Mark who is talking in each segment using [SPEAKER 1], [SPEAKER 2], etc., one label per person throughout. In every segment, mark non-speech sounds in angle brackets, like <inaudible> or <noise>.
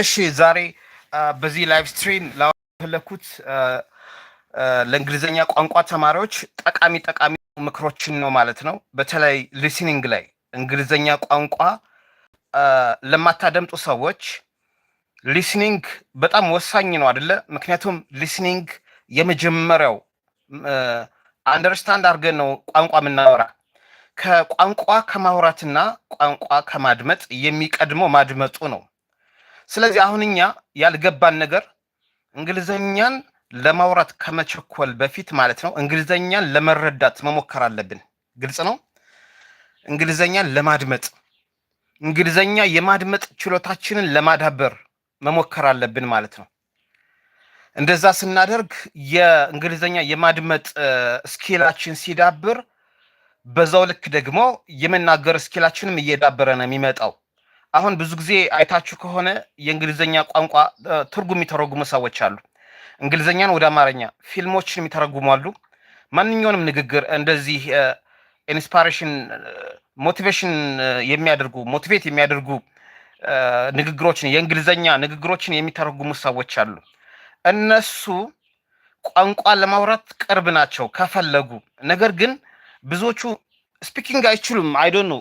[SPEAKER 1] እሺ ዛሬ በዚህ ላይቭ ስትሪም ላፈለኩት ለእንግሊዝኛ ቋንቋ ተማሪዎች ጠቃሚ ጠቃሚ ምክሮችን ነው ማለት ነው። በተለይ ሊስኒንግ ላይ እንግሊዝኛ ቋንቋ ለማታደምጡ ሰዎች ሊስኒንግ በጣም ወሳኝ ነው አደለ? ምክንያቱም ሊስኒንግ የመጀመሪያው አንደርስታንድ አድርገን ነው ቋንቋ የምናወራ። ከቋንቋ ከማውራትና ቋንቋ ከማድመጥ የሚቀድመው ማድመጡ ነው። ስለዚህ አሁን እኛ ያልገባን ነገር እንግሊዘኛን ለማውራት ከመቸኮል በፊት ማለት ነው እንግሊዘኛን ለመረዳት መሞከር አለብን። ግልጽ ነው። እንግሊዘኛን ለማድመጥ እንግሊዘኛ የማድመጥ ችሎታችንን ለማዳበር መሞከር አለብን ማለት ነው። እንደዛ ስናደርግ የእንግሊዘኛ የማድመጥ ስኪላችን ሲዳብር፣ በዛው ልክ ደግሞ የመናገር ስኪላችንም እየዳበረ ነው የሚመጣው። አሁን ብዙ ጊዜ አይታችሁ ከሆነ የእንግሊዝኛ ቋንቋ ትርጉም የሚተረጉሙ ሰዎች አሉ። እንግሊዝኛን ወደ አማርኛ ፊልሞችን የሚተረጉሙ አሉ። ማንኛውንም ንግግር እንደዚህ ኢንስፓሬሽን፣ ሞቲቬሽን የሚያደርጉ ሞቲቬት የሚያደርጉ ንግግሮችን የእንግሊዝኛ ንግግሮችን የሚተረጉሙ ሰዎች አሉ። እነሱ ቋንቋ ለማውራት ቅርብ ናቸው ከፈለጉ። ነገር ግን ብዙዎቹ ስፒኪንግ አይችሉም አይዶን ነው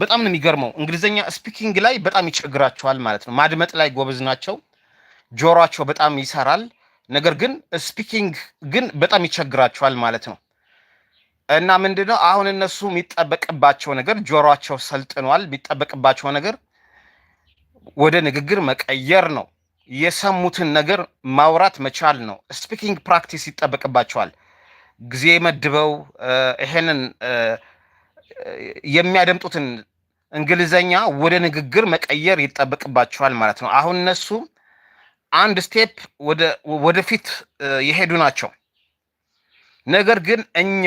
[SPEAKER 1] በጣም ነው የሚገርመው። እንግሊዝኛ ስፒኪንግ ላይ በጣም ይቸግራቸዋል ማለት ነው። ማድመጥ ላይ ጎበዝ ናቸው፣ ጆሯቸው በጣም ይሰራል። ነገር ግን ስፒኪንግ ግን በጣም ይቸግራቸዋል ማለት ነው። እና ምንድነው አሁን እነሱ የሚጠበቅባቸው ነገር ጆሯቸው ሰልጥኗል። የሚጠበቅባቸው ነገር ወደ ንግግር መቀየር ነው። የሰሙትን ነገር ማውራት መቻል ነው። ስፒኪንግ ፕራክቲስ ይጠበቅባቸዋል። ጊዜ መድበው ይሄንን የሚያደምጡትን እንግሊዘኛ ወደ ንግግር መቀየር ይጠበቅባቸዋል ማለት ነው። አሁን እነሱ አንድ ስቴፕ ወደፊት የሄዱ ናቸው። ነገር ግን እኛ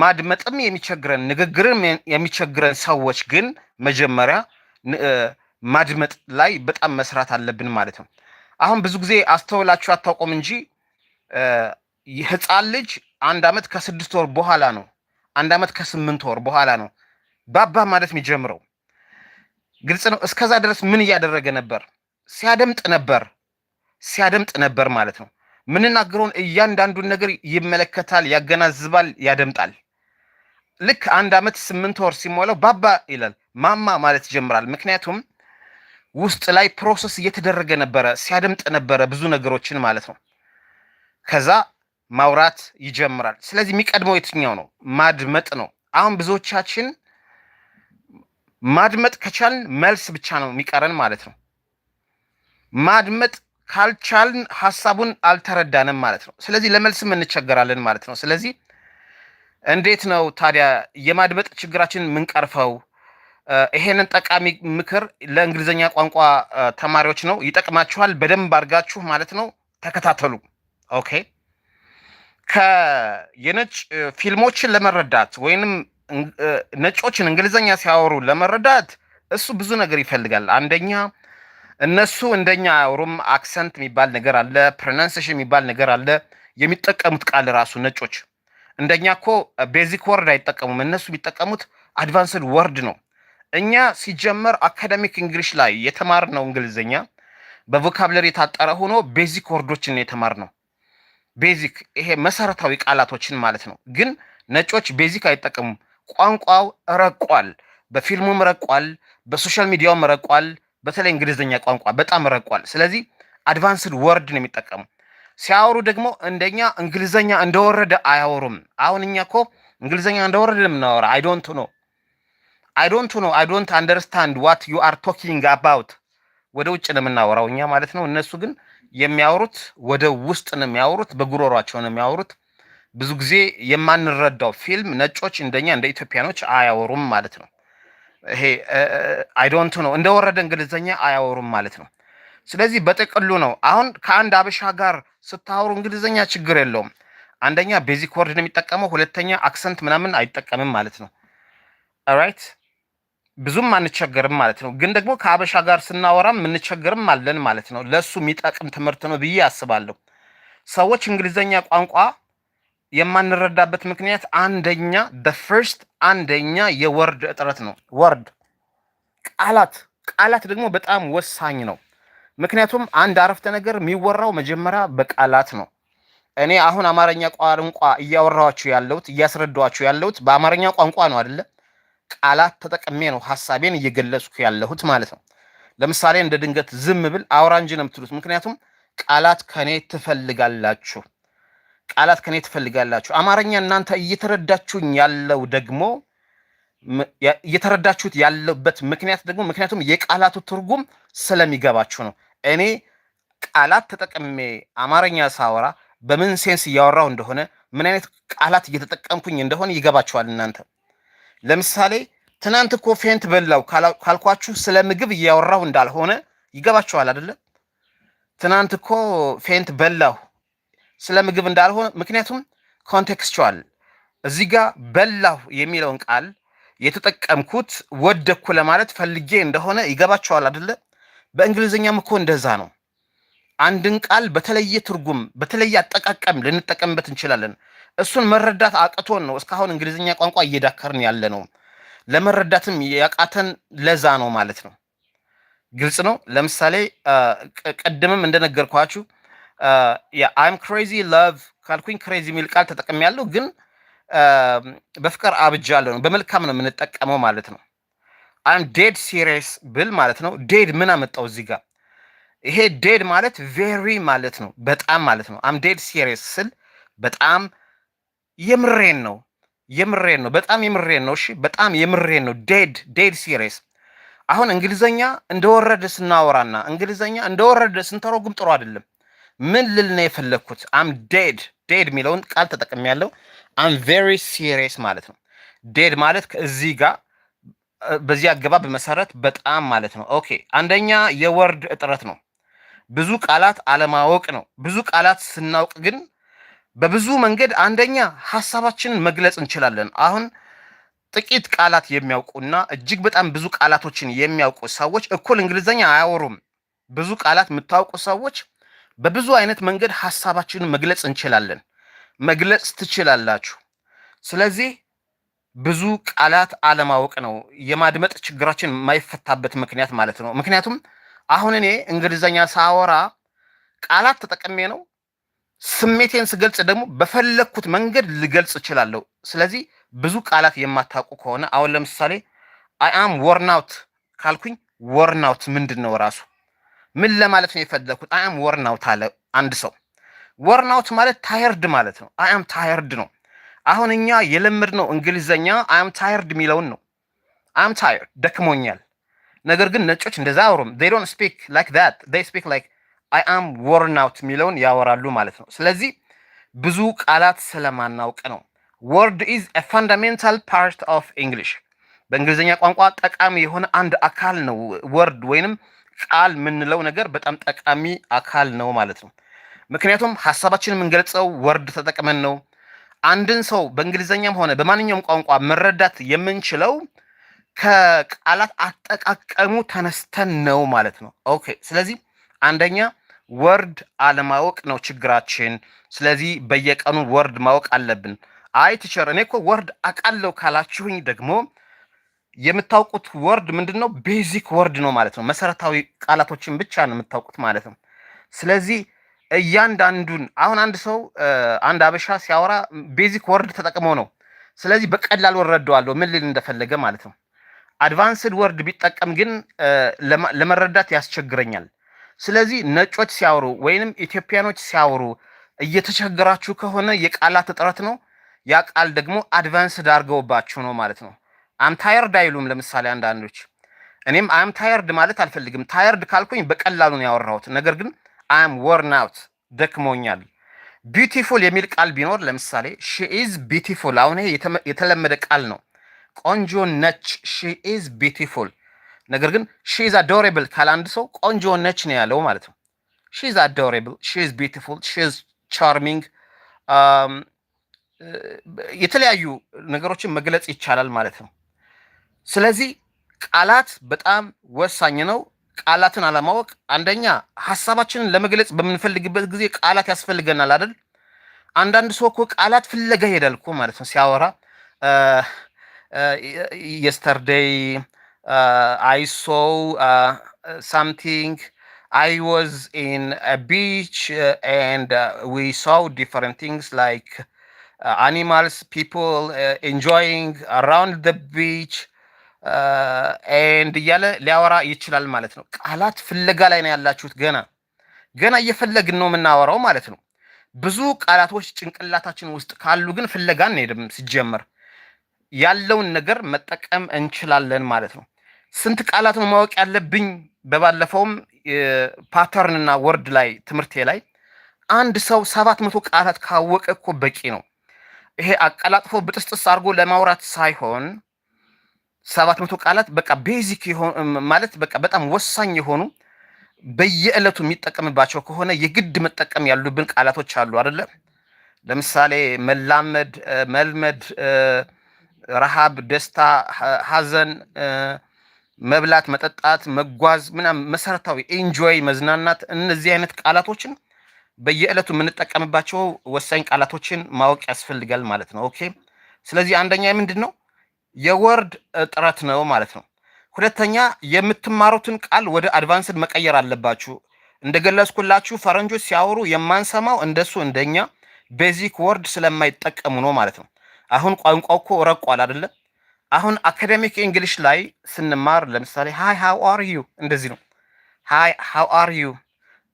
[SPEAKER 1] ማድመጥም የሚቸግረን ንግግርም የሚቸግረን ሰዎች ግን መጀመሪያ ማድመጥ ላይ በጣም መስራት አለብን ማለት ነው። አሁን ብዙ ጊዜ አስተውላችሁ አታውቁም እንጂ ሕፃን ልጅ አንድ ዓመት ከስድስት ወር በኋላ ነው አንድ ዓመት ከስምንት ወር በኋላ ነው ባባ ማለት የሚጀምረው። ግልጽ ነው። እስከዛ ድረስ ምን እያደረገ ነበር? ሲያደምጥ ነበር፣ ሲያደምጥ ነበር ማለት ነው። ምንናገረውን እያንዳንዱን ነገር ይመለከታል፣ ያገናዝባል፣ ያደምጣል። ልክ አንድ ዓመት ስምንት ወር ሲሞላው ባባ ይላል፣ ማማ ማለት ይጀምራል። ምክንያቱም ውስጥ ላይ ፕሮሰስ እየተደረገ ነበረ፣ ሲያደምጥ ነበረ ብዙ ነገሮችን ማለት ነው። ከዛ ማውራት ይጀምራል። ስለዚህ የሚቀድመው የትኛው ነው? ማድመጥ ነው። አሁን ብዙዎቻችን ማድመጥ ከቻልን መልስ ብቻ ነው የሚቀረን ማለት ነው። ማድመጥ ካልቻልን ሀሳቡን አልተረዳንም ማለት ነው። ስለዚህ ለመልስም እንቸገራለን ማለት ነው። ስለዚህ እንዴት ነው ታዲያ የማድመጥ ችግራችን የምንቀርፈው? ይሄንን ጠቃሚ ምክር ለእንግሊዝኛ ቋንቋ ተማሪዎች ነው፣ ይጠቅማችኋል። በደንብ አድርጋችሁ ማለት ነው ተከታተሉ። ኦኬ የነጭ ፊልሞችን ለመረዳት ወይንም ነጮችን እንግሊዝኛ ሲያወሩ ለመረዳት እሱ ብዙ ነገር ይፈልጋል። አንደኛ እነሱ እንደኛ አያወሩም። አክሰንት የሚባል ነገር አለ፣ ፕሮናንሴሽን የሚባል ነገር አለ። የሚጠቀሙት ቃል ራሱ ነጮች እንደኛ እኮ ቤዚክ ወርድ አይጠቀሙም። እነሱ የሚጠቀሙት አድቫንስድ ወርድ ነው። እኛ ሲጀመር አካደሚክ እንግሊሽ ላይ የተማርነው እንግሊዝኛ በቮካብለሪ የታጠረ ሆኖ ቤዚክ ወርዶችን የተማርነው ቤዚክ ይሄ መሰረታዊ ቃላቶችን ማለት ነው። ግን ነጮች ቤዚክ አይጠቀሙም። ቋንቋው ረቋል፣ በፊልሙም ረቋል፣ በሶሻል ሚዲያውም ረቋል። በተለይ እንግሊዝኛ ቋንቋ በጣም ረቋል። ስለዚህ አድቫንስድ ወርድ ነው የሚጠቀሙ። ሲያወሩ ደግሞ እንደኛ እንግሊዝኛ እንደወረደ አያወሩም። አሁን እኛ ኮ እንግሊዝኛ እንደወረደ የምናወራ አይዶንት ነው አይዶንት ኖ አይዶንት አንደርስታንድ ዋት ዩ አር ቶኪንግ አባውት ወደ ውጭ ነው የምናወራው እኛ ማለት ነው። እነሱ ግን የሚያወሩት ወደ ውስጥ ነው የሚያወሩት፣ በጉሮሯቸው ነው የሚያወሩት። ብዙ ጊዜ የማንረዳው ፊልም ነጮች እንደኛ እንደ ኢትዮጵያኖች አያወሩም ማለት ነው። ይሄ አይዶንት ነው እንደወረደ እንግሊዝኛ አያወሩም ማለት ነው። ስለዚህ በጥቅሉ ነው አሁን ከአንድ አበሻ ጋር ስታወሩ እንግሊዝኛ ችግር የለውም። አንደኛ ቤዚክ ወርድ ነው የሚጠቀመው፣ ሁለተኛ አክሰንት ምናምን አይጠቀምም ማለት ነው። ራይት ብዙም አንቸገርም ማለት ነው። ግን ደግሞ ከአበሻ ጋር ስናወራም እንቸገርም አለን ማለት ነው። ለእሱ የሚጠቅም ትምህርት ነው ብዬ አስባለሁ። ሰዎች እንግሊዘኛ ቋንቋ የማንረዳበት ምክንያት አንደኛ በፍርስት አንደኛ የወርድ እጥረት ነው። ወርድ ቃላት ቃላት ደግሞ በጣም ወሳኝ ነው። ምክንያቱም አንድ አረፍተ ነገር የሚወራው መጀመሪያ በቃላት ነው። እኔ አሁን አማርኛ ቋንቋ እያወራኋችሁ ያለሁት እያስረዳኋችሁ ያለሁት በአማርኛ ቋንቋ ነው አይደለ? ቃላት ተጠቅሜ ነው ሀሳቤን እየገለጽኩ ያለሁት ማለት ነው። ለምሳሌ እንደ ድንገት ዝም ብል አውራ እንጂ ነው የምትሉት። ምክንያቱም ቃላት ከኔ ትፈልጋላችሁ፣ ቃላት ከኔ ትፈልጋላችሁ። አማርኛ እናንተ እየተረዳችሁኝ ያለው ደግሞ እየተረዳችሁት ያለበት ምክንያት ደግሞ ምክንያቱም የቃላቱ ትርጉም ስለሚገባችሁ ነው። እኔ ቃላት ተጠቅሜ አማርኛ ሳወራ በምን ሴንስ እያወራው እንደሆነ ምን አይነት ቃላት እየተጠቀምኩኝ እንደሆነ ይገባችኋል እናንተ ለምሳሌ ትናንት እኮ ፌንት በላው ካልኳችሁ ስለ ምግብ እያወራሁ እንዳልሆነ ይገባችኋል አይደለም? ትናንት እኮ ፌንት በላሁ ስለ ምግብ እንዳልሆነ ምክንያቱም ኮንቴክስቹዋል እዚህ ጋር በላሁ የሚለውን ቃል የተጠቀምኩት ወደኩ ለማለት ፈልጌ እንደሆነ ይገባቸዋል አደለ? በእንግሊዝኛም እኮ እንደዛ ነው። አንድን ቃል በተለየ ትርጉም፣ በተለየ አጠቃቀም ልንጠቀምበት እንችላለን። እሱን መረዳት አቅቶን ነው እስካሁን እንግሊዝኛ ቋንቋ እየዳከርን ያለ ነው። ለመረዳትም ያቃተን ለዛ ነው ማለት ነው። ግልጽ ነው። ለምሳሌ ቅድምም እንደነገርኳችሁ አይም ክሬዚ ላቭ ካልኩኝ ክሬዚ የሚል ቃል ተጠቅሜያለሁ፣ ግን በፍቅር አብጃለሁ ነው። በመልካም ነው የምንጠቀመው ማለት ነው። አይም ዴድ ሲሪየስ ብል ማለት ነው። ዴድ ምን አመጣው እዚህ ጋር? ይሄ ዴድ ማለት ቬሪ ማለት ነው፣ በጣም ማለት ነው። አም ዴድ ሲሪየስ ስል በጣም የምሬን ነው የምሬን ነው በጣም የምሬን ነው። እሺ በጣም የምሬን ነው። ዴድ ዴድ ሲሪየስ። አሁን እንግሊዘኛ እንደወረደ ስናወራና እንግሊዘኛ እንደወረደ ስንተረጉም ጥሩ አይደለም። ምን ልል ነው የፈለግኩት? አም ዴድ ዴድ የሚለውን ቃል ተጠቅም ያለው አም ቬሪ ሲሪየስ ማለት ነው። ዴድ ማለት ከእዚህ ጋር በዚህ አገባብ መሰረት በጣም ማለት ነው። ኦኬ አንደኛ የወርድ እጥረት ነው። ብዙ ቃላት አለማወቅ ነው። ብዙ ቃላት ስናውቅ ግን በብዙ መንገድ አንደኛ ሀሳባችንን መግለጽ እንችላለን። አሁን ጥቂት ቃላት የሚያውቁና እጅግ በጣም ብዙ ቃላቶችን የሚያውቁ ሰዎች እኩል እንግሊዝኛ አያወሩም። ብዙ ቃላት የምታውቁ ሰዎች በብዙ አይነት መንገድ ሀሳባችንን መግለጽ እንችላለን። መግለጽ ትችላላችሁ። ስለዚህ ብዙ ቃላት አለማወቅ ነው የማድመጥ ችግራችን የማይፈታበት ምክንያት ማለት ነው። ምክንያቱም አሁን እኔ እንግሊዝኛ ሳወራ ቃላት ተጠቅሜ ነው ስሜቴን ስገልጽ ደግሞ በፈለግኩት መንገድ ልገልጽ እችላለሁ። ስለዚህ ብዙ ቃላት የማታውቁ ከሆነ አሁን ለምሳሌ አይ አም ወርናውት ካልኩኝ ወርናውት ምንድን ነው ራሱ ምን ለማለት ነው የፈለግኩት? አይ አም ወርናውት አለ አንድ ሰው። ወርናውት ማለት ታየርድ ማለት ነው። አይ አም ታየርድ ነው። አሁን እኛ የለመድነው እንግሊዘኛ አይ አም ታየርድ የሚለውን ነው። አይ አም ታየርድ ደክሞኛል። ነገር ግን ነጮች እንደዛ አውሩም። ዶንት ስፒክ ላይክ ዴይ ስፒክ ላይክ አይ አም ወርን አውት የሚለውን ያወራሉ ማለት ነው። ስለዚህ ብዙ ቃላት ስለማናውቅ ነው። ወርድ ኢዝ አ ፋንዳሜንታል ፓርት ኦፍ ኢንግሊሽ በእንግሊዝኛ ቋንቋ ጠቃሚ የሆነ አንድ አካል ነው። ወርድ ወይንም ቃል የምንለው ነገር በጣም ጠቃሚ አካል ነው ማለት ነው። ምክንያቱም ሀሳባችን የምንገልጸው ወርድ ተጠቅመን ነው። አንድን ሰው በእንግሊዝኛም ሆነ በማንኛውም ቋንቋ መረዳት የምንችለው ከቃላት አጠቃቀሙ ተነስተን ነው ማለት ነው። ኦኬ። ስለዚህ አንደኛ ወርድ አለማወቅ ነው ችግራችን። ስለዚህ በየቀኑ ወርድ ማወቅ አለብን። አይ ቲቸር፣ እኔ እኮ ወርድ አቃለው ካላችሁኝ ደግሞ የምታውቁት ወርድ ምንድን ነው? ቤዚክ ወርድ ነው ማለት ነው። መሰረታዊ ቃላቶችን ብቻ ነው የምታውቁት ማለት ነው። ስለዚህ እያንዳንዱን አሁን አንድ ሰው አንድ አበሻ ሲያወራ ቤዚክ ወርድ ተጠቅሞ ነው። ስለዚህ በቀላል ወረደዋለሁ ምን ልል እንደፈለገ ማለት ነው። አድቫንስድ ወርድ ቢጠቀም ግን ለመረዳት ያስቸግረኛል። ስለዚህ ነጮች ሲያወሩ ወይንም ኢትዮጵያኖች ሲያወሩ እየተቸገራችሁ ከሆነ የቃላት እጥረት ነው። ያ ቃል ደግሞ አድቫንስ ዳርገውባችሁ ነው ማለት ነው። አም ታየርድ አይሉም። ለምሳሌ አንዳንዶች እኔም አም ታየርድ ማለት አልፈልግም። ታየርድ ካልኩኝ በቀላሉ ነው ያወራሁት። ነገር ግን አም ወርን አውት ደክሞኛል። ቢዩቲፉል የሚል ቃል ቢኖር ለምሳሌ ሺኢዝ ኢዝ ቢዩቲፉል። አሁን ይሄ የተለመደ ቃል ነው። ቆንጆ ነች፣ ሺኢዝ ኢዝ ቢዩቲፉል ነገር ግን ሺዝ አዶሬብል ካለ አንድ ሰው ቆንጆ ነች ነው ያለው ማለት ነው። ሺዝ አዶሬብል፣ ሺዝ ቢዩቲፉል፣ ሺዝ ቻርሚንግ የተለያዩ ነገሮችን መግለጽ ይቻላል ማለት ነው። ስለዚህ ቃላት በጣም ወሳኝ ነው። ቃላትን አለማወቅ አንደኛ ሀሳባችንን ለመግለጽ በምንፈልግበት ጊዜ ቃላት ያስፈልገናል አይደል? አንዳንድ ሰው እኮ ቃላት ፍለጋ ይሄዳል እኮ ማለት ነው ሲያወራ የስተርዴይ uh, uh, Uh, I saw uh, uh, something. I was in a beach and we saw different things like animals, people enjoying around the beach ኤንድ እያለ ሊያወራ ይችላል ማለት ነው። ቃላት ፍለጋ ላይ ነው ያላችሁት። ገና ገና እየፈለግን ነው የምናወራው ማለት ነው። ብዙ ቃላቶች ጭንቅላታችን ውስጥ ካሉ ግን ፍለጋ አንሄድም። ሲጀመር ያለውን ነገር መጠቀም እንችላለን ማለት ነው። ስንት ቃላት ነው ማወቅ ያለብኝ? በባለፈውም ፓተርን እና ወርድ ላይ ትምህርቴ ላይ አንድ ሰው ሰባት መቶ ቃላት ካወቀ እኮ በቂ ነው። ይሄ አቀላጥፎ ብጥስጥስ አድርጎ ለማውራት ሳይሆን ሰባት መቶ ቃላት በቃ ቤዚክ ማለት በቃ በጣም ወሳኝ የሆኑ በየዕለቱ የሚጠቀምባቸው ከሆነ የግድ መጠቀም ያሉብን ቃላቶች አሉ አደለ? ለምሳሌ መላመድ፣ መልመድ፣ ረሃብ፣ ደስታ፣ ሀዘን መብላት፣ መጠጣት፣ መጓዝ ምናምን መሰረታዊ ኢንጆይ፣ መዝናናት እነዚህ አይነት ቃላቶችን በየዕለቱ የምንጠቀምባቸው ወሳኝ ቃላቶችን ማወቅ ያስፈልጋል ማለት ነው። ኦኬ። ስለዚህ አንደኛ ምንድን ነው የወርድ እጥረት ነው ማለት ነው። ሁለተኛ የምትማሩትን ቃል ወደ አድቫንስድ መቀየር አለባችሁ። እንደገለጽኩላችሁ ፈረንጆች ሲያወሩ የማንሰማው እንደሱ እንደኛ ቤዚክ ወርድ ስለማይጠቀሙ ነው ማለት ነው። አሁን ቋንቋ እኮ ረቋል አይደለም አሁን አካዴሚክ እንግሊሽ ላይ ስንማር ለምሳሌ ሃይ ሃው አር ዩ እንደዚህ ነው። ሃይ ሃው አር ዩ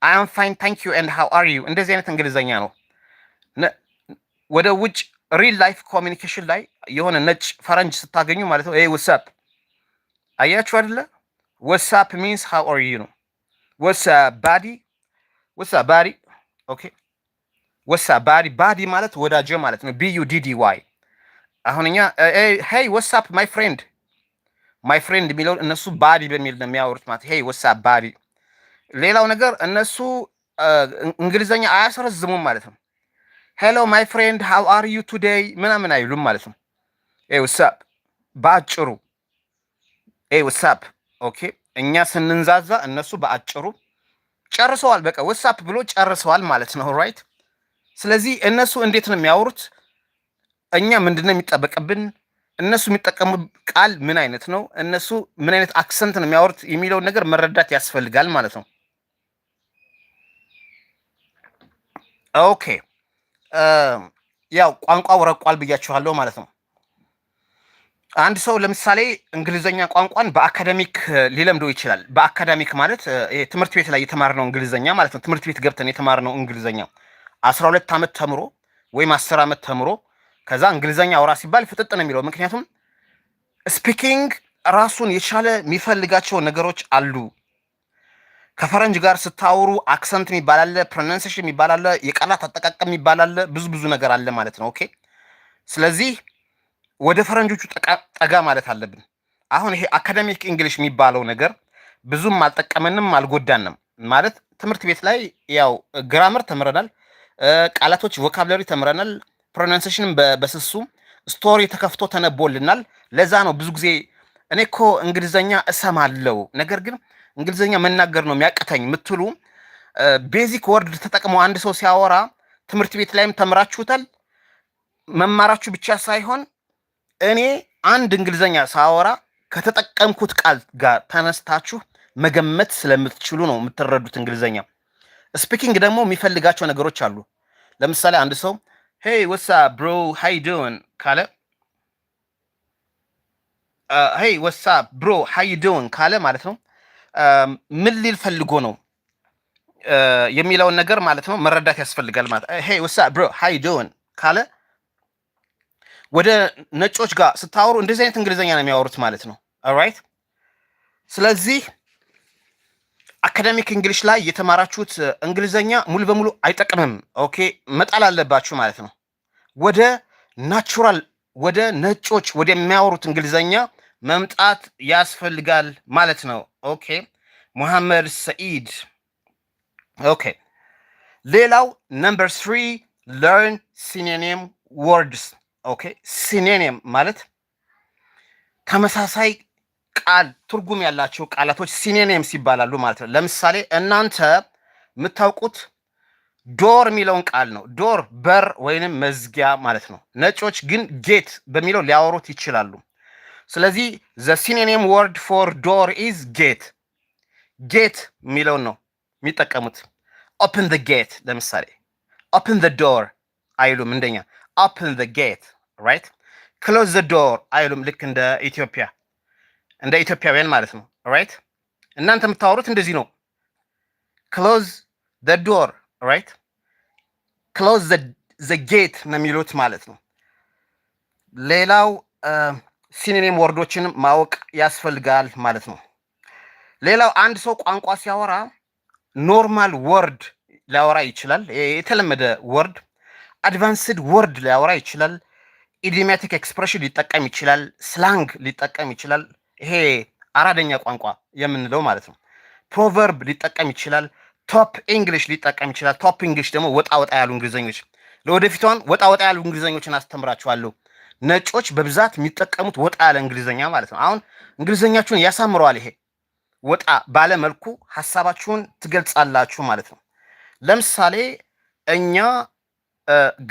[SPEAKER 1] አይ አም ፋይን ታንክ ዩ ኤንድ ሃው አር ዩ እንደዚህ አይነት እንግሊዘኛ ነው። ወደ ውጭ ሪል ላይፍ ኮሚኒኬሽን ላይ የሆነ ነጭ ፈረንጅ ስታገኙ ማለት ነው ወሳፕ አያችሁ አይደለ? ወሳፕ ሚንስ ሃው አር ዩ ነው። ወሳፕ ባዲ፣ ወሳፕ ባዲ፣ ኦኬ። ወሳፕ ባዲ፣ ባዲ ማለት ወዳጀ ማለት ነው። ቢዩ ዲዲ ዋይ አሁንኛ ሄ ሄይ ወሳፕ ማይ ፍሬንድ ማይ ፍሬንድ የሚለውን እነሱ ባቢ በሚል ነው የሚያወሩት። ማለት ሄይ ወሳፕ ባቢ። ሌላው ነገር እነሱ እንግሊዘኛ አያስረዝሙም ማለት ነው። ሄሎ ማይ ፍሬንድ ሃው አር ዩ ቱዴይ ምናምን አይሉም ማለት ነው። ሄይ ወሳፕ በአጭሩ ሄይ ወሳፕ። ኦኬ እኛ ስንንዛዛ እነሱ በአጭሩ ጨርሰዋል። በቃ ወሳፕ ብሎ ጨርሰዋል ማለት ነው ራይት። ስለዚህ እነሱ እንዴት ነው የሚያወሩት? እኛ ምንድነው የሚጠበቅብን? እነሱ የሚጠቀሙ ቃል ምን አይነት ነው? እነሱ ምን አይነት አክሰንት ነው የሚያወሩት የሚለውን ነገር መረዳት ያስፈልጋል ማለት ነው። ኦኬ ያው ቋንቋ ወረቋል ብያችኋለሁ ማለት ነው። አንድ ሰው ለምሳሌ እንግሊዘኛ ቋንቋን በአካዳሚክ ሊለምደው ይችላል። በአካዳሚክ ማለት ትምህርት ቤት ላይ የተማርነው እንግሊዘኛ ማለት ነው። ትምህርት ቤት ገብተን የተማርነው እንግሊዘኛ አስራ ሁለት ዓመት ተምሮ ወይም አስር ዓመት ተምሮ ከዛ እንግሊዘኛ አውራ ሲባል ፍጥጥ ነው የሚለው። ምክንያቱም ስፒኪንግ ራሱን የቻለ የሚፈልጋቸው ነገሮች አሉ። ከፈረንጅ ጋር ስታወሩ አክሰንት የሚባል አለ፣ ፕሮናንሴሽን የሚባል አለ፣ የቃላት አጠቃቀም የሚባል አለ። ብዙ ብዙ ነገር አለ ማለት ነው። ኦኬ። ስለዚህ ወደ ፈረንጆቹ ጠጋ ማለት አለብን። አሁን ይሄ አካደሚክ እንግሊሽ የሚባለው ነገር ብዙም አልጠቀመንም፣ አልጎዳንም ማለት ትምህርት ቤት ላይ ያው ግራምር ተምረናል፣ ቃላቶች ቮካብለሪ ተምረናል። ፕሮናንሴሽን በስሱ ስቶሪ ተከፍቶ ተነቦልናል። ለዛ ነው ብዙ ጊዜ እኔ እኮ እሰም እሰማለው ነገር ግን እንግሊዘኛ መናገር ነው የሚያቅተኝ የምትሉ ቤዚክ ወርድ ተጠቅመው አንድ ሰው ሲያወራ ትምህርት ቤት ላይም ተምራችሁታል። መማራችሁ ብቻ ሳይሆን እኔ አንድ እንግሊዘኛ ሳወራ ከተጠቀምኩት ቃል ጋር ተነስታችሁ መገመት ስለምትችሉ ነው የምትረዱት። እንግሊዘኛ ስፒኪንግ ደግሞ የሚፈልጋቸው ነገሮች አሉ። ለምሳሌ አንድ ሰው hey what's up bro how you doing uh, what's up, bro? ብሮ you doing, ካለ ማለት ነው um, ምን ሊል ፈልጎ ነው uh, የሚለውን ነገር ማለት ነው መረዳት ያስፈልጋል። ማለት ሄይ ወሳ ብሮ ሀይ ዶን ካለ ወደ ነጮች ጋር ስታወሩ እንደዚህ አይነት እንግሊዝኛ ነው የሚያወሩት ማለት ነው። ኦልራይት ስለዚህ አካዳሚክ እንግሊሽ ላይ የተማራችሁት እንግሊዘኛ ሙሉ በሙሉ አይጠቅምም። ኦኬ መጣል አለባችሁ ማለት ነው። ወደ ናቹራል ወደ ነጮች ወደሚያወሩት እንግሊዘኛ መምጣት ያስፈልጋል ማለት ነው። ኦኬ ሙሐመድ ሰኢድ። ኦኬ ሌላው ነምበር ስሪ ለርን ሲኖኒም ወርድስ። ኦኬ ሲኖኒም ማለት ተመሳሳይ ቃል ትርጉም ያላቸው ቃላቶች ሲኔኔምስ ይባላሉ ማለት ነው። ለምሳሌ እናንተ የምታውቁት ዶር የሚለውን ቃል ነው። ዶር በር ወይንም መዝጊያ ማለት ነው። ነጮች ግን ጌት በሚለው ሊያወሩት ይችላሉ። ስለዚህ ዘ ሲኔኔም ወርድ ፎር ዶር ኢዝ ጌት። ጌት የሚለውን ነው የሚጠቀሙት። ኦፕን ዘ ጌት ለምሳሌ ኦፕን ዘ ዶር አይሉም እንደኛ። ኦፕን ዘ ጌት ራይት። ክሎዝ ዘ ዶር አይሉም ልክ እንደ ኢትዮጵያ እንደ ኢትዮጵያውያን ማለት ነው። ራይት እናንተ የምታወሩት እንደዚህ ነው። ክሎዝ ዘ ዶር ራይት፣ ክሎዝ ዘ ጌት ነው የሚሉት ማለት ነው። ሌላው ሲኒኒም ወርዶችን ማወቅ ያስፈልጋል ማለት ነው። ሌላው አንድ ሰው ቋንቋ ሲያወራ ኖርማል ወርድ ሊያወራ ይችላል፣ የተለመደ ወርድ፣ አድቫንስድ ወርድ ሊያወራ ይችላል፣ ኢዲሜቲክ ኤክስፕሬሽን ሊጠቀም ይችላል፣ ስላንግ ሊጠቀም ይችላል። ይሄ አራደኛ ቋንቋ የምንለው ማለት ነው። ፕሮቨርብ ሊጠቀም ይችላል። ቶፕ ኢንግሊሽ ሊጠቀም ይችላል። ቶፕ እንግሊሽ ደግሞ ወጣ ወጣ ያሉ እንግሊዘኞች። ለወደፊቷን ወጣ ወጣ ያሉ እንግሊዘኞችን አስተምራችኋለሁ። ነጮች በብዛት የሚጠቀሙት ወጣ ያለ እንግሊዘኛ ማለት ነው። አሁን እንግሊዘኛችሁን ያሳምረዋል። ይሄ ወጣ ባለ መልኩ ሀሳባችሁን ትገልጻላችሁ ማለት ነው። ለምሳሌ እኛ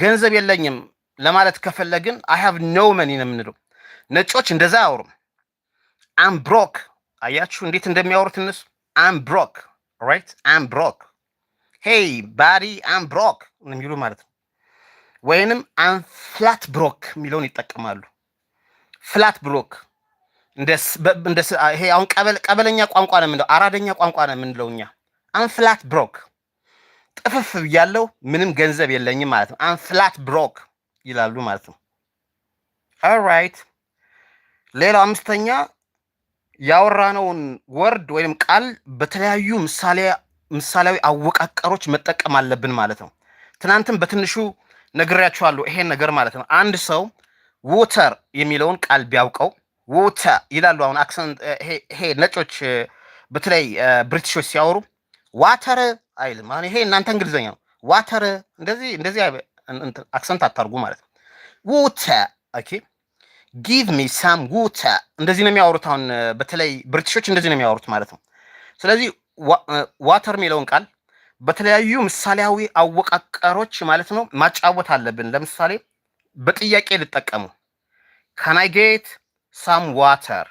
[SPEAKER 1] ገንዘብ የለኝም ለማለት ከፈለግን አይ ሀቭ ኖ መኒ ነው የምንለው። ነጮች እንደዛ አያወሩም። አምብሮክ አያችሁ እንዴት እንደሚያወሩት እነሱ ብሮክ ራይት አምብሮክ ሄይ ባሪ አምብሮክ የሚሉ ማለት ነው። ወይንም አንፍላት ብሮክ የሚለውን ይጠቀማሉ። ፍላት ብሮክ ይሄ አሁን ቀበለኛ ቋንቋ ነው የምንለው፣ አራደኛ ቋንቋ ነው የምንለው እኛ። አንፍላት ብሮክ ጥፍፍ ብያለው፣ ምንም ገንዘብ የለኝም ማለት ነው። አም ፍላት ብሮክ ይላሉ ማለት ነው። ኦልራይት ሌላው አምስተኛ ያወራነውን ወርድ ወይም ቃል በተለያዩ ምሳሌያዊ አወቃቀሮች መጠቀም አለብን ማለት ነው። ትናንትም በትንሹ ነግሬያችኋለሁ ይሄን ነገር ማለት ነው። አንድ ሰው ዎተር የሚለውን ቃል ቢያውቀው ዎተ ይላሉ። አሁን አክሰንት ይሄ ነጮች በተለይ ብሪቲሾች ሲያወሩ ዋተር አይልም። አሁን ይሄ እናንተ እንግሊዝኛ ነው። ዋተር እንደዚህ እንደዚህ አክሰንት አታርጉ ማለት ነው። ዎተ ኦኬ ጊቭ ሚ ሳም ዋተር እንደዚህ ነው የሚያወሩት። አሁን በተለይ ብሪቲሾች እንደዚህ ነው የሚያወሩት ማለት ነው። ስለዚህ ዋተር የሚለውን ቃል በተለያዩ ምሳሌያዊ አወቃቀሮች ማለት ነው ማጫወት አለብን። ለምሳሌ በጥያቄ ልጠቀሙ ካናይ ሳም ዋተር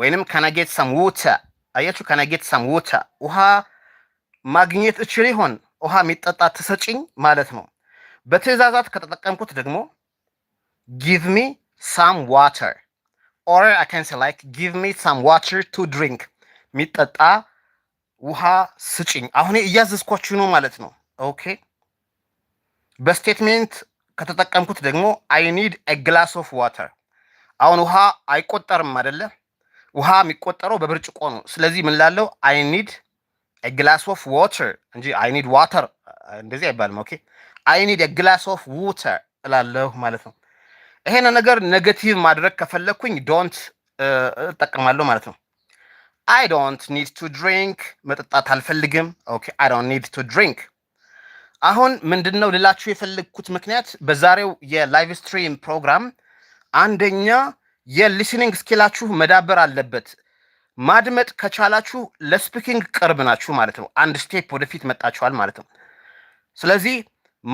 [SPEAKER 1] ወይንም ከናጌት ሳም ዋተር። አያችሁ፣ ከናጌት ሳም ዋተር ውሃ ማግኘት እችል ይሆን? ውሃ የሚጠጣ ትሰጪኝ ማለት ነው። በትዕዛዛት ከተጠቀምኩት ደግሞ ጊቭ ሚ some water or I can say like give me some water to drink የሚጠጣ ውሃ ስጭኝ። አሁን እያዘዝኳችሁ ነው ማለት ነው። ኦኬ በስቴትሜንት ከተጠቀምኩት ደግሞ አይ ኒድ ኤ ግላስ ኦፍ ዋተር። አሁን ውሃ አይቆጠርም አይደለ? ውሃ የሚቆጠረው በብርጭቆ ነው። ስለዚህ ምን ላለው አይ ኒድ ኤ ግላስ ኦፍ ዋተር እንጂ አይ ኒድ ዋተር እንደዚህ አይባልም። ኦኬ አይ ኒድ ኤ ግላስ ኦፍ ዋተር እላለሁ ማለት ነው። ይሄን ነገር ኔጌቲቭ ማድረግ ከፈለግኩኝ ዶንት እጠቀማለሁ ማለት ነው። አይ ዶንት ኒድ ቱ ድሪንክ መጠጣት አልፈልግም። ኦኬ አይ ዶንት ኒድ ቱ ድሪንክ። አሁን ምንድን ነው ልላችሁ የፈለግኩት ምክንያት በዛሬው የላይቭ ስትሪም ፕሮግራም አንደኛ የሊስኒንግ ስኪላችሁ መዳበር አለበት። ማድመጥ ከቻላችሁ ለስፒኪንግ ቅርብ ናችሁ ማለት ነው። አንድ ስቴፕ ወደፊት መጣችኋል ማለት ነው። ስለዚህ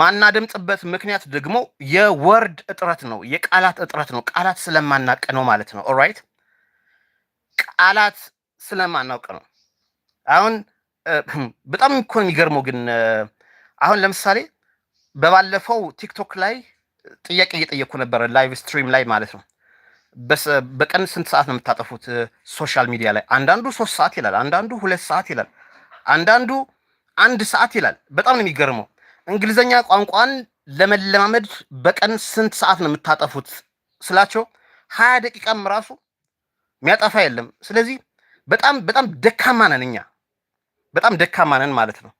[SPEAKER 1] ማናደምጥበት ምክንያት ደግሞ የወርድ እጥረት ነው፣ የቃላት እጥረት ነው። ቃላት ስለማናውቅ ነው ማለት ነው። ኦራይት ቃላት ስለማናውቅ ነው። አሁን <clears throat> በጣም እኮ የሚገርመው ግን አሁን ለምሳሌ በባለፈው ቲክቶክ ላይ ጥያቄ እየጠየኩ ነበረ፣ ላይቭ ስትሪም ላይ ማለት ነው። በቀን ስንት ሰዓት ነው የምታጠፉት ሶሻል ሚዲያ ላይ? አንዳንዱ ሶስት ሰዓት ይላል፣ አንዳንዱ ሁለት ሰዓት ይላል፣ አንዳንዱ አንድ ሰዓት ይላል። በጣም ነው የሚገርመው። እንግሊዘኛ ቋንቋን ለመለማመድ በቀን ስንት ሰዓት ነው የምታጠፉት ስላቸው ሀያ ደቂቃም ራሱ የሚያጠፋ የለም። ስለዚህ በጣም በጣም ደካማ ነን እኛ በጣም ደካማ ነን ማለት ነው።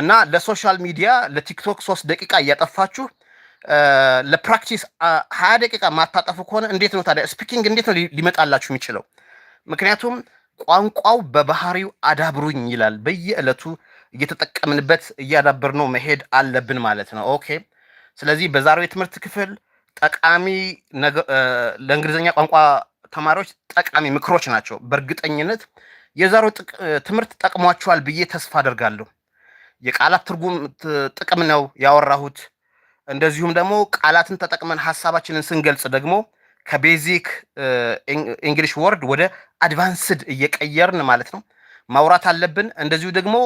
[SPEAKER 1] እና ለሶሻል ሚዲያ ለቲክቶክ ሶስት ደቂቃ እያጠፋችሁ ለፕራክቲስ ሀያ ደቂቃ ማታጠፉ ከሆነ እንዴት ነው ታዲያ ስፒኪንግ እንዴት ነው ሊመጣላችሁ የሚችለው? ምክንያቱም ቋንቋው በባህሪው አዳብሩኝ ይላል በየዕለቱ እየተጠቀምንበት እያዳበርነው መሄድ አለብን ማለት ነው። ኦኬ። ስለዚህ በዛሬው የትምህርት ክፍል ጠቃሚ ለእንግሊዝኛ ቋንቋ ተማሪዎች ጠቃሚ ምክሮች ናቸው። በእርግጠኝነት የዛሬው ትምህርት ጠቅሟቸዋል ብዬ ተስፋ አደርጋለሁ። የቃላት ትርጉም ጥቅም ነው ያወራሁት። እንደዚሁም ደግሞ ቃላትን ተጠቅመን ሀሳባችንን ስንገልጽ ደግሞ ከቤዚክ ኢንግሊሽ ወርድ ወደ አድቫንስድ እየቀየርን ማለት ነው ማውራት አለብን። እንደዚሁ ደግሞ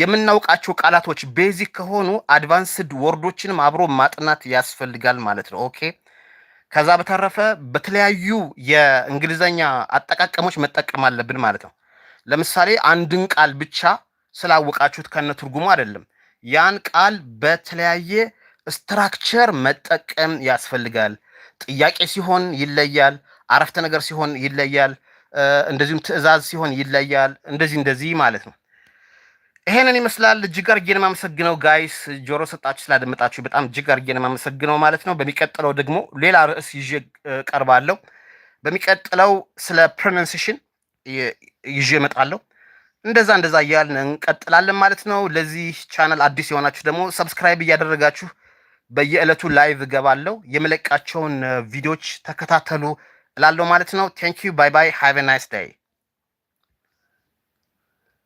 [SPEAKER 1] የምናውቃቸው ቃላቶች ቤዚክ ከሆኑ አድቫንስድ ወርዶችንም አብሮ ማጥናት ያስፈልጋል ማለት ነው። ኦኬ። ከዛ በተረፈ በተለያዩ የእንግሊዘኛ አጠቃቀሞች መጠቀም አለብን ማለት ነው። ለምሳሌ አንድን ቃል ብቻ ስላወቃችሁት ከነ ትርጉሙ አይደለም። ያን ቃል በተለያየ ስትራክቸር መጠቀም ያስፈልጋል። ጥያቄ ሲሆን ይለያል፣ አረፍተ ነገር ሲሆን ይለያል። እንደዚሁም ትዕዛዝ ሲሆን ይለያል። እንደዚህ እንደዚህ ማለት ነው። ይሄንን ይመስላል። እጅግ አድርጌ ነው የማመሰግነው ጋይስ፣ ጆሮ ሰጣችሁ ስላደመጣችሁ በጣም እጅግ አድርጌ ነው የማመሰግነው ማለት ነው። በሚቀጥለው ደግሞ ሌላ ርዕስ ይዤ ቀርባለሁ። በሚቀጥለው ስለ ፕሮናንሴሽን ይዤ እመጣለሁ። እንደዛ እንደዛ እያልን እንቀጥላለን ማለት ነው። ለዚህ ቻናል አዲስ የሆናችሁ ደግሞ ሰብስክራይብ እያደረጋችሁ በየዕለቱ ላይቭ እገባለሁ። የመለቃቸውን ቪዲዮዎች ተከታተሉ። እላለሁ ማለት ነው። ቴንክ ዩ ባይ ባይ ሃቭ ናይስ ዳይ